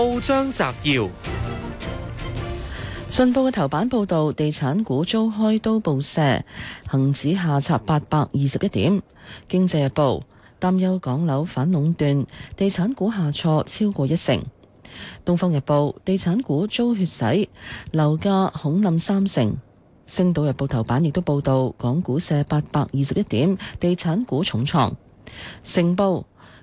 報章摘要：《信報》嘅頭版報道，地產股遭開刀報射，恒指下插八百二十一點。《經濟日報》擔憂港樓反壟斷，地產股下挫超過一成。《東方日報》地產股遭血洗，樓價恐冧三成。《星島日報》頭版亦都報道，港股瀉八百二十一點，地產股重創。《成報》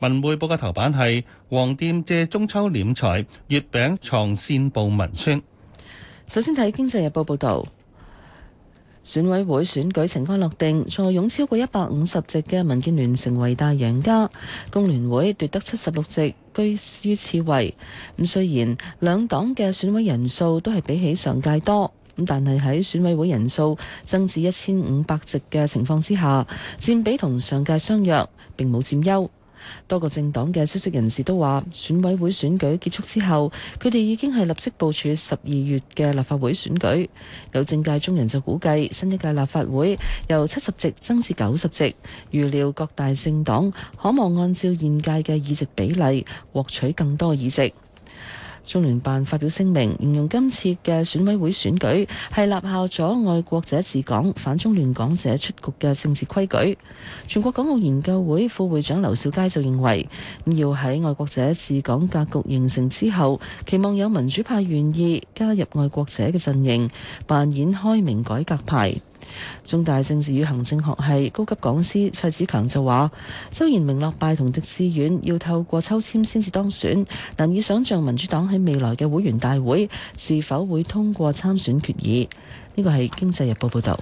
文匯報嘅頭版係黃店借中秋斂財，月餅藏線報文宣。首先睇《經濟日報》報道，選委會選舉成功落定，坐擁超過一百五十席嘅民建聯成為大贏家，工聯會奪得七十六席，居於次位。咁雖然兩黨嘅選委人數都係比起上屆多，咁但係喺選委會人數增至一千五百席嘅情況之下，佔比同上屆相若，並冇佔優。多個政黨嘅消息人士都話，選委會選舉結束之後，佢哋已經係立即部署十二月嘅立法會選舉。有政界中人就估計，新一屆立法會由七十席增至九十席，預料各大政黨可望按照現屆嘅議席比例獲取更多議席。中聯辦發表聲明，形容今次嘅選委會選舉係立效咗愛國者治港、反中亂港者出局嘅政治規矩。全國港澳研究會副會長劉兆佳就認為，咁要喺愛國者治港格局形成之後，期望有民主派願意加入愛國者嘅陣營，扮演開明改革派。中大政治與行政學系高級講師蔡子強就話：周延明落敗同狄志遠要透過抽簽先至當選，難以想象民主黨喺未來嘅會員大會是否會通過參選決議。呢個係《經濟日報》報道。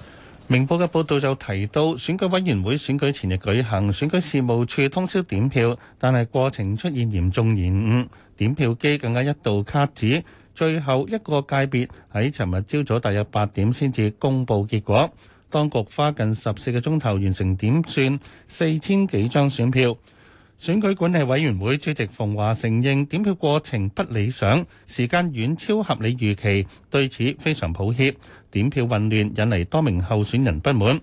明報嘅報道就提到，選舉委員會選舉前日舉行選舉事務處通宵點票，但係過程出現嚴重延誤，點票機更加一度卡紙。最後一個界別喺尋日朝早大約入八點先至公布結果，當局花近十四個鐘頭完成點算四千幾張選票。選舉管理委員會主席馮華承認點票過程不理想，時間遠超合理預期，對此非常抱歉。點票混亂引嚟多名候選人不滿。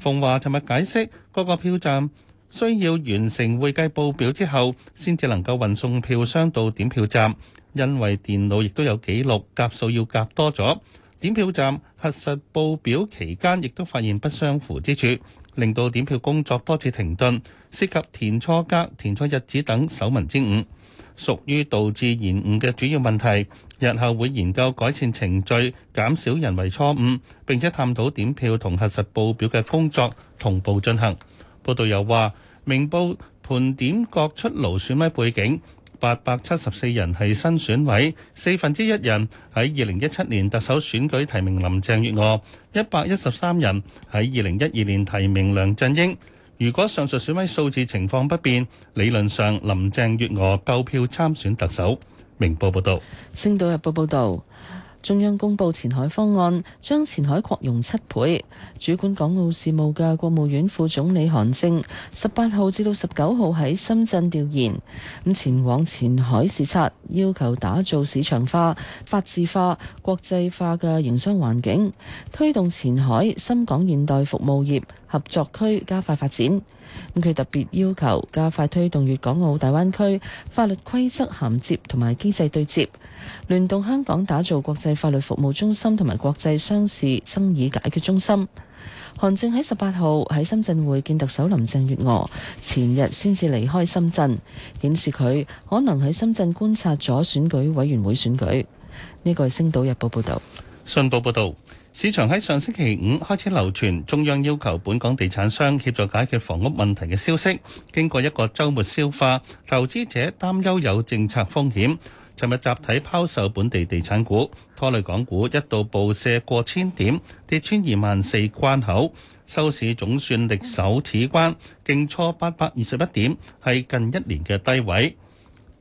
馮華尋日解釋，個個票站需要完成會計報表之後，先至能夠運送票箱到點票站。因為電腦亦都有記錄，夾數要夾多咗。點票站核實報表期間，亦都發現不相符之處，令到點票工作多次停頓。涉及填錯格、填錯日子等手民之誤，屬於導致延誤嘅主要問題。日後會研究改善程序，減少人為錯誤，並且探討點票同核實報表嘅工作同步進行。報道又話，明報盤點各出爐選委背景。八百七十四人係新選委，四分之一人喺二零一七年特首選舉提名林鄭月娥，一百一十三人喺二零一二年提名梁振英。如果上述選委數字情況不變，理論上林鄭月娥夠票參選特首。明報報道。星島日報報道。中央公布前海方案，將前海擴容七倍。主管港澳事務嘅國務院副總理韓正十八號至到十九號喺深圳調研，咁前往前海視察，要求打造市場化、法治化、國際化嘅營商環境，推動前海深港現代服務業合作區加快發展。咁佢特別要求加快推動粵港澳大灣區法律規則銜接同埋機制對接，聯動香港打造國際法律服務中心同埋國際商事爭議解決中心。韓正喺十八號喺深圳會見特首林鄭月娥，前日先至離開深圳，顯示佢可能喺深圳觀察咗選舉委員會選舉。呢個係《星島日報》報道，《信報》報導。市場喺上星期五開始流傳中央要求本港地產商協助解決房屋問題嘅消息，經過一個週末消化，投資者擔憂有政策風險。尋日集體拋售本地地產股，拖累港股一度暴瀉過千點，跌穿二萬四關口，收市總算力守此關，勁挫八百二十一點，係近一年嘅低位。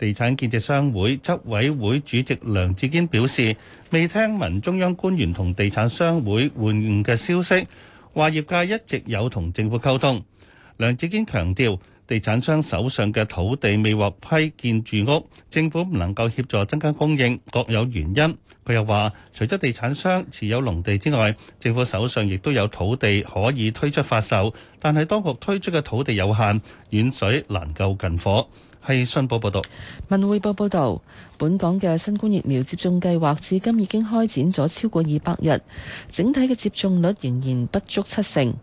地產建設商會執委會主席梁志堅表示，未聽聞中央官員同地產商會換嘅消息，話業界一直有同政府溝通。梁志堅強調，地產商手上嘅土地未獲批建住屋，政府唔能夠協助增加供應，各有原因。佢又話，除咗地產商持有農地之外，政府手上亦都有土地可以推出發售，但係當局推出嘅土地有限，遠水難救近火。係信報報道。文匯報報道，本港嘅新冠疫苗接種計劃至今已經開展咗超過二百日，整體嘅接種率仍然不足七成。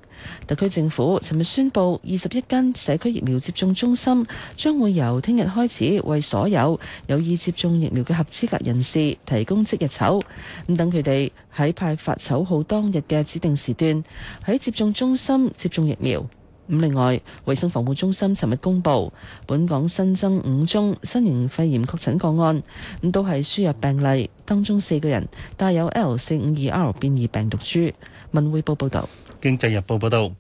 特區政府尋日宣布，二十一間社區疫苗接種中心將會由聽日開始，為所有有意接種疫苗嘅合資格人士提供即日籌，咁等佢哋喺派發籌號當日嘅指定時段，喺接種中心接種疫苗。咁另外，衛生防護中心尋日公布，本港新增五宗新型肺炎確診個案，咁都係輸入病例，當中四個人帶有 L 四五二 R 變異病毒株。文匯報報道。經濟日報報道。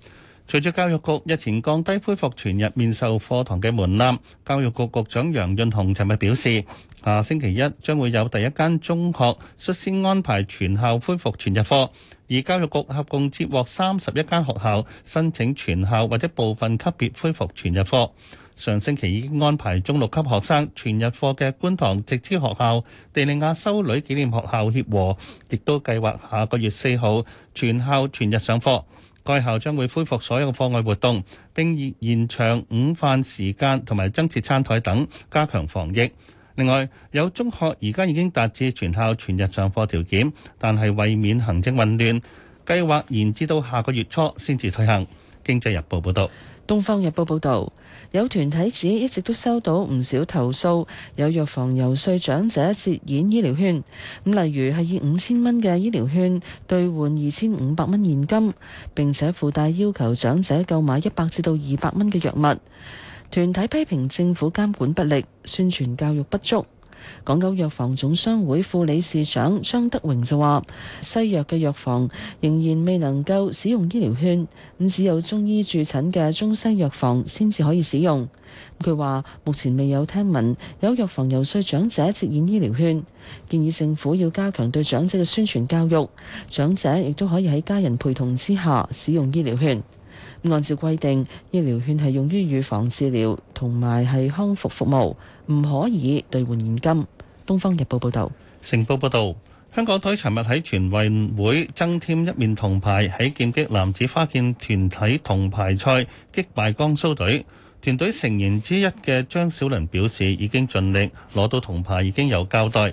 隨著教育局日前降低恢復全日面授課堂嘅門檻，教育局局長楊潤雄尋日表示，下星期一將會有第一間中學率先安排全校恢復全日課，而教育局合共接獲三十一間學校申請全校或者部分級別恢復全日課，上星期已經安排中六級學生全日課嘅觀塘直資學校、地利亞修女紀念學校協和，亦都計劃下個月四號全校全日上課。該校將會恢復所有嘅課外活動，並延延長午飯時間同埋增設餐台等，加強防疫。另外，有中學而家已經達至全校全日上課條件，但係為免行政混亂，計劃延至到下個月初先至推行。經濟日報報導，東方日報報導。有團體指一直都收到唔少投訴，有藥房遊說長者節現醫療券，咁例如係以五千蚊嘅醫療券兌換二千五百蚊現金，並且附帶要求長者購買一百至到二百蚊嘅藥物。團體批評政府監管不力，宣傳教育不足。港九藥房總商會副理事長張德榮就話：西藥嘅藥房仍然未能夠使用醫療券，咁只有中醫駐診嘅中西藥房先至可以使用。佢話目前未有聽聞有藥房遊說長者接引醫療券，建議政府要加強對長者嘅宣傳教育，長者亦都可以喺家人陪同之下使用醫療券。按照規定，醫療券係用於預防治療同埋係康復服務，唔可以兌換現金。《東方日報》報導，《成報》報導，香港隊尋日喺全運會增添一面銅牌，喺劍擊男子花劍團體銅牌賽擊敗江蘇隊。團隊成員之一嘅張小倫表示，已經盡力攞到銅牌，已經有交代。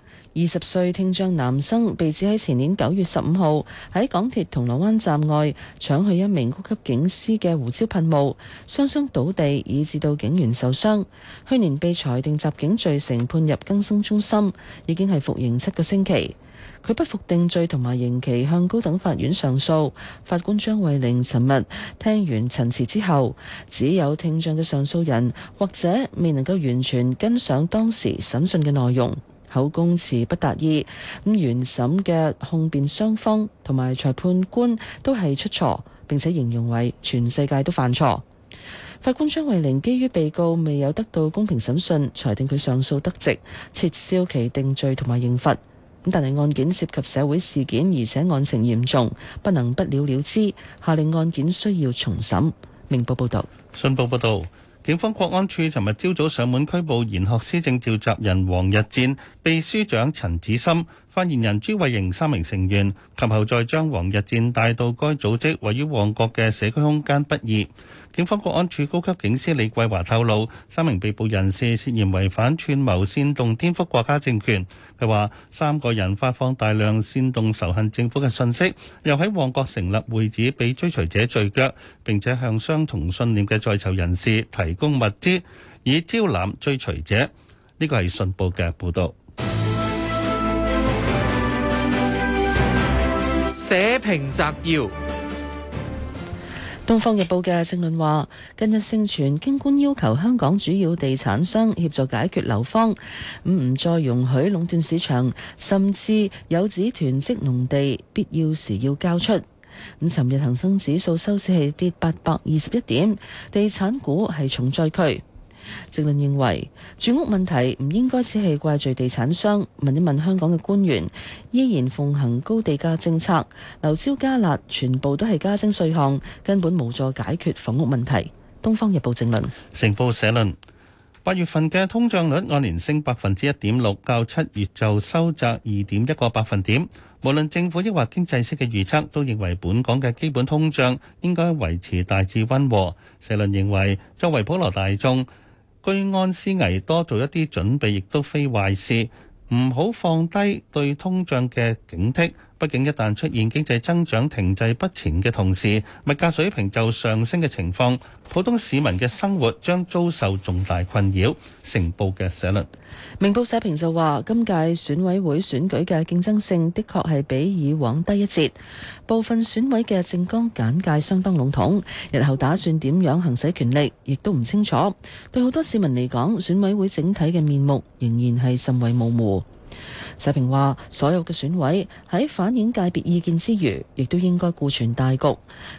二十歲聽障男生被指喺前年九月十五號喺港鐵銅鑼灣站外搶去一名高級警司嘅胡椒噴霧，雙雙倒地，以致到警員受傷。去年被裁定襲警罪成，判入更生中心，已經係服刑七個星期。佢不服定罪同埋刑期，向高等法院上訴。法官張慧玲尋日聽完陳詞之後，只有聽障嘅上訴人或者未能夠完全跟上當時審訊嘅內容。口供詞不達意，咁原審嘅控辯雙方同埋裁判官都係出錯，並且形容為全世界都犯錯。法官張慧玲基於被告未有得到公平審訊，裁定佢上訴得直，撤銷其定罪同埋刑罰。咁但係案件涉及社會事件，而且案情嚴重，不能不了了之，下令案件需要重審。明報報道。信報報導。警方國安處尋日朝早上門拘捕賢學思政召集人王逸戰、秘書長陳枳森、發言人朱慧盈三名成員，及後再將王逸戰帶到該組織位於旺角嘅社區空間不義。警方國安處高級警司李桂華透露，三名被捕人士涉嫌違反串謀煽動顛覆國家政權。佢話三個人發放大量煽動仇恨政府嘅信息，又喺旺角成立會址俾追隨者聚腳，並且向相同信念嘅在囚人士提。提供物資以招攬追隨者，呢個係信報嘅報道。社評摘要：東方日報嘅正論話，近日盛傳京官要求香港主要地產商協助解決樓荒，咁唔再容許壟斷市場，甚至有指囤積農地必要時要交出。咁，尋日恒生指數收市係跌八百二十一點，地產股係重災區。政論認為，住屋問題唔應該只係怪罪地產商，問一問香港嘅官員，依然奉行高地價政策，樓招加辣，全部都係加徵稅項，根本無助解決房屋問題。《東方日報正論》正論，成報社論。八月份嘅通脹率按年升百分之一點六，較七月就收窄二點一個百分點。無論政府抑或經濟師嘅預測，都認為本港嘅基本通脹應該維持大致溫和。社論認為，作為普羅大眾，居安思危多，多做一啲準備，亦都非壞事。唔好放低對通脹嘅警惕。畢竟一旦出現經濟增長停滯不前嘅同時，物價水平就上升嘅情況，普通市民嘅生活將遭受重大困擾。成報嘅社論，明報社評就話：今屆選委會選舉嘅競爭性，的確係比以往低一截。部分選委嘅政綱簡介相當籠統，日後打算點樣行使權力，亦都唔清楚。對好多市民嚟講，選委會整體嘅面目仍然係甚為模糊。社評話：所有嘅選委喺反映界別意見之餘，亦都應該顧全大局。咁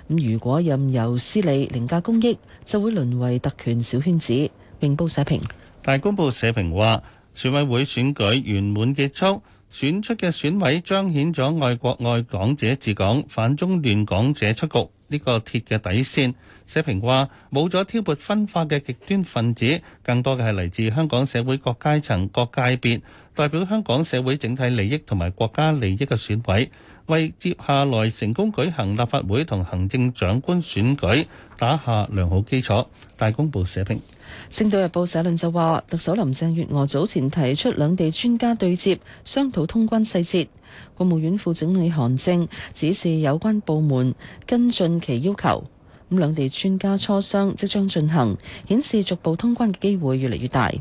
如果任由私利凌駕公益，就會淪為特權小圈子。明報社評。大公報社評話：選委會選舉圓滿結束，選出嘅選委彰顯咗愛國愛港者治港，反中亂港者出局。呢個鐵嘅底線，社評話：冇咗挑撥分化嘅極端分子，更多嘅係嚟自香港社會各階層、各界別，代表香港社會整體利益同埋國家利益嘅選委，為接下來成功舉行立法會同行政長官選舉打下良好基礎。大公報社評。《星島日報》社論就話：特首林鄭月娥早前提出兩地專家對接，商討通關細節。國務院副總理韓正指示有關部門跟進其要求，咁兩地專家磋商即將進行，顯示逐步通關嘅機會越嚟越大。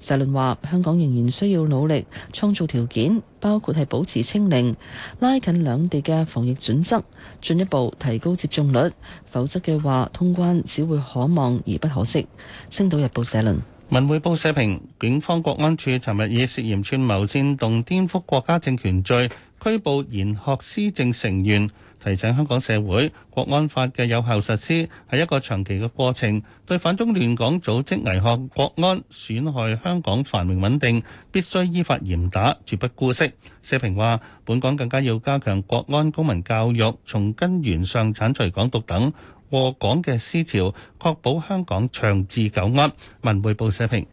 社論話：香港仍然需要努力創造條件，包括係保持清零、拉近兩地嘅防疫準則、進一步提高接種率，否則嘅話通關只會可望而不可即。星島日報社論。文匯報社評：警方國安處尋日以涉嫌串謀煽動顛覆國家政權罪拘捕賢學思政成員，提醒香港社會，國安法嘅有效實施係一個長期嘅過程，對反中亂港組織危害國安、損害香港繁榮穩定，必須依法嚴打，絕不姑息。社評話，本港更加要加強國安公民教育，從根源上鏟除港獨等禍港嘅思潮，確保香港長治久安。文匯報社評。